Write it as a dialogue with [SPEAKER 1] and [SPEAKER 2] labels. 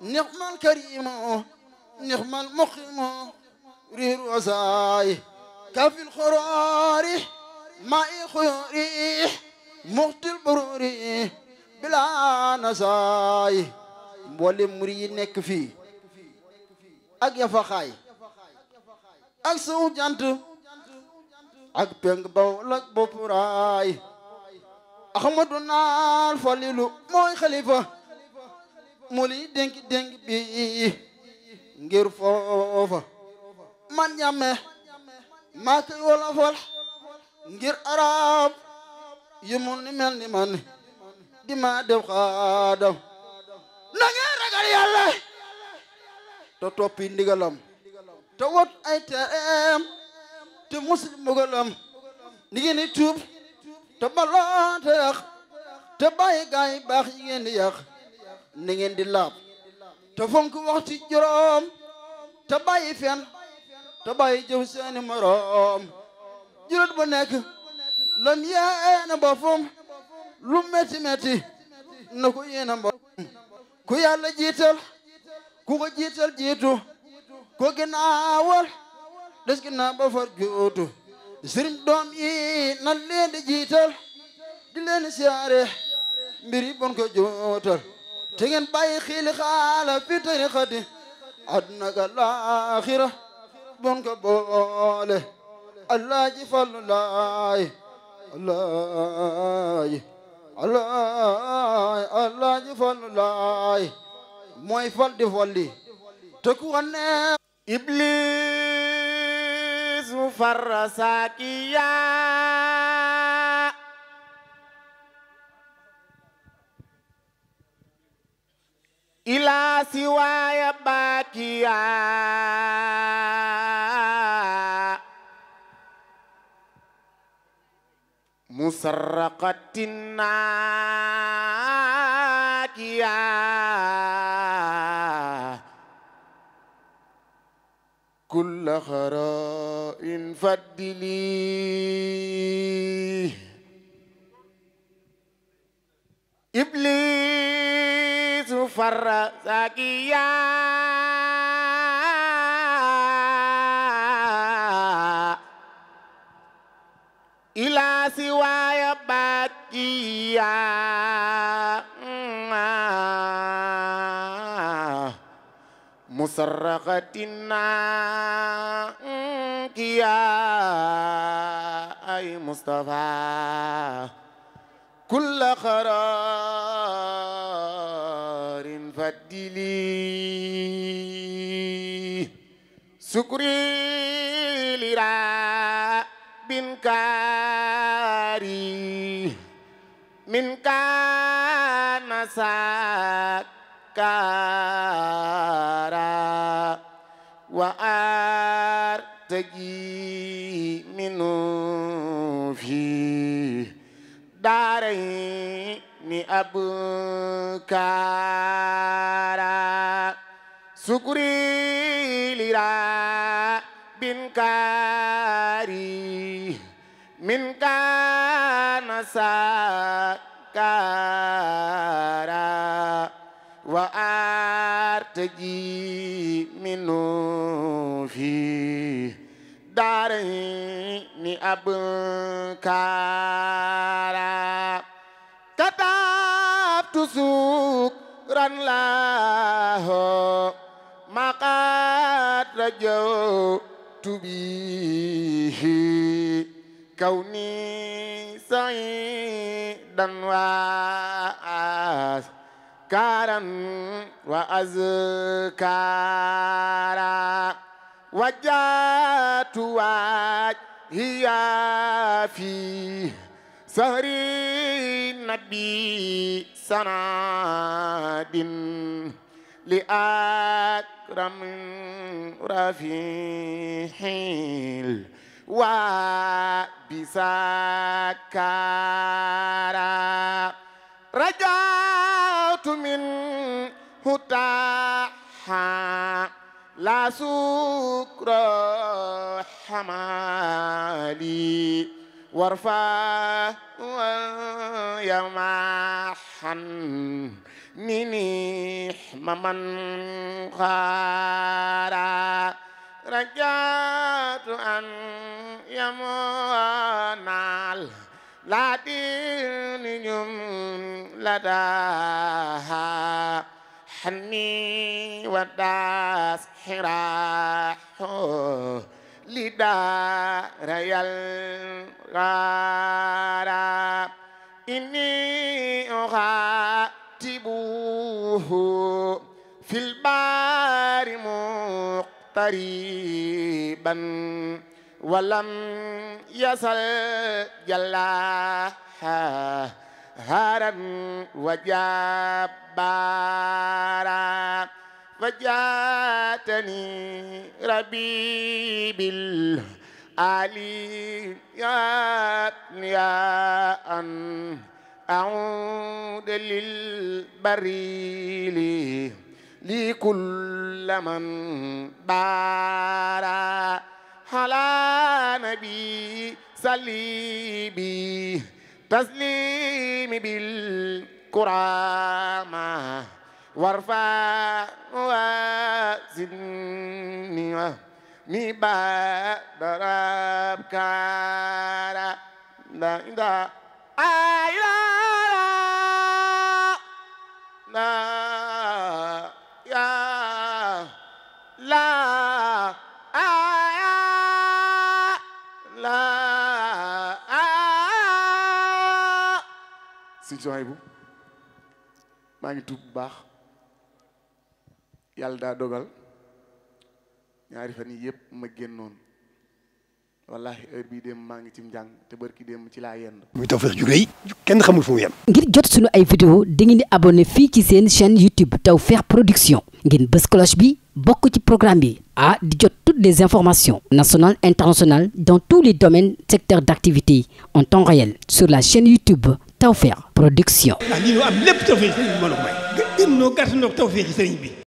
[SPEAKER 1] نعم الكريم نعم المقيم رير وزاي كافي الخرار ماء خيوري مخت البروري بلا نزاي mboolem muri yi nekk fii ak yafa xaay ak sowu jant ak peng baw lak bopp raay axmadu naal falilu mooy xalifa muli dénki dénki bi ngir foofa man ñame maa koy wala ngir arab yu mun ni mel ni man di ma def xaadam na ragal yàlla te toppi ndigalam te wot ay tereem te muslim bugalam ni ngeen tuub te balonte te bàyyi gaay baax yi ngeen di yàq na ngeen di laab te fonk waxtu juróom te bàyyi fen te bàyyi jëw seeni moroom juróot bu nekk lam yéene boppam lu metti metti na ko yéene boppam ku yàlla jiital ku ko jiital jiitu ko ginnaawal des ginnaaw ba far juutu sëriñ doom yi nan leen di jiital di leen siyaare mbir bon ko juutal te ngeen bàyyi xiili xaala fi tariqati adna ga laaxira bon ko boole allaaji fallu laay allaaji allaay allaaji fallu laay mooy fal di folli te ku wanne iblis mu farra
[SPEAKER 2] إلى سواي باكيا مسرقة ناكيا كل خراء فدلي far sakiya ila siwaya baqiya musarraqatina kiya ay mustafa kull khara عدلي سكري لرا بن كاري من كان سكارا وأرتجي منه في دارين ni abkara sukuri lira wa artaji minu fi darini abkara شكرا له ما قد رجوت به كوني سعيدا وأذكارا وأذكارا وجات وجهي في سهري بي سناد لأكرم رفيح وبسكارا رجعت منه تحا لا سكر حمالي وارفع اليوم حنني ممن غارا رجعت أن يمون لا دين لداها حني وداس حراح لدار يلغى قريبا ولم يصل جلا هارا وجبارا فجاتني ربي بالعلي يا أن أعود للبريل لكل من بارا على نبي صليبي تسليم بالكرامة وارفع وزني مبا درب كارا لا إله إلا الله sëñ bu maa ngi tuub bu baax yàlla daa dogal ñaari fan yii yëpp ma génnoon wallahi heure bii dem maa
[SPEAKER 1] ngi ci njàng te barki dem ci laa yend muy Tawfekh jugee yi kenn xamul fu mu ngir jot sunu ay vidéo dangeen di abonné fii ci seen chaîne YouTube Tawfekh Production ngeen bës cloche bi bokk ci programme bi ah di jot toutes les informations nationales internationales dans tous les domaines secteurs d'activité en temps réel sur la chaîne YouTube Tawfekh Production. ah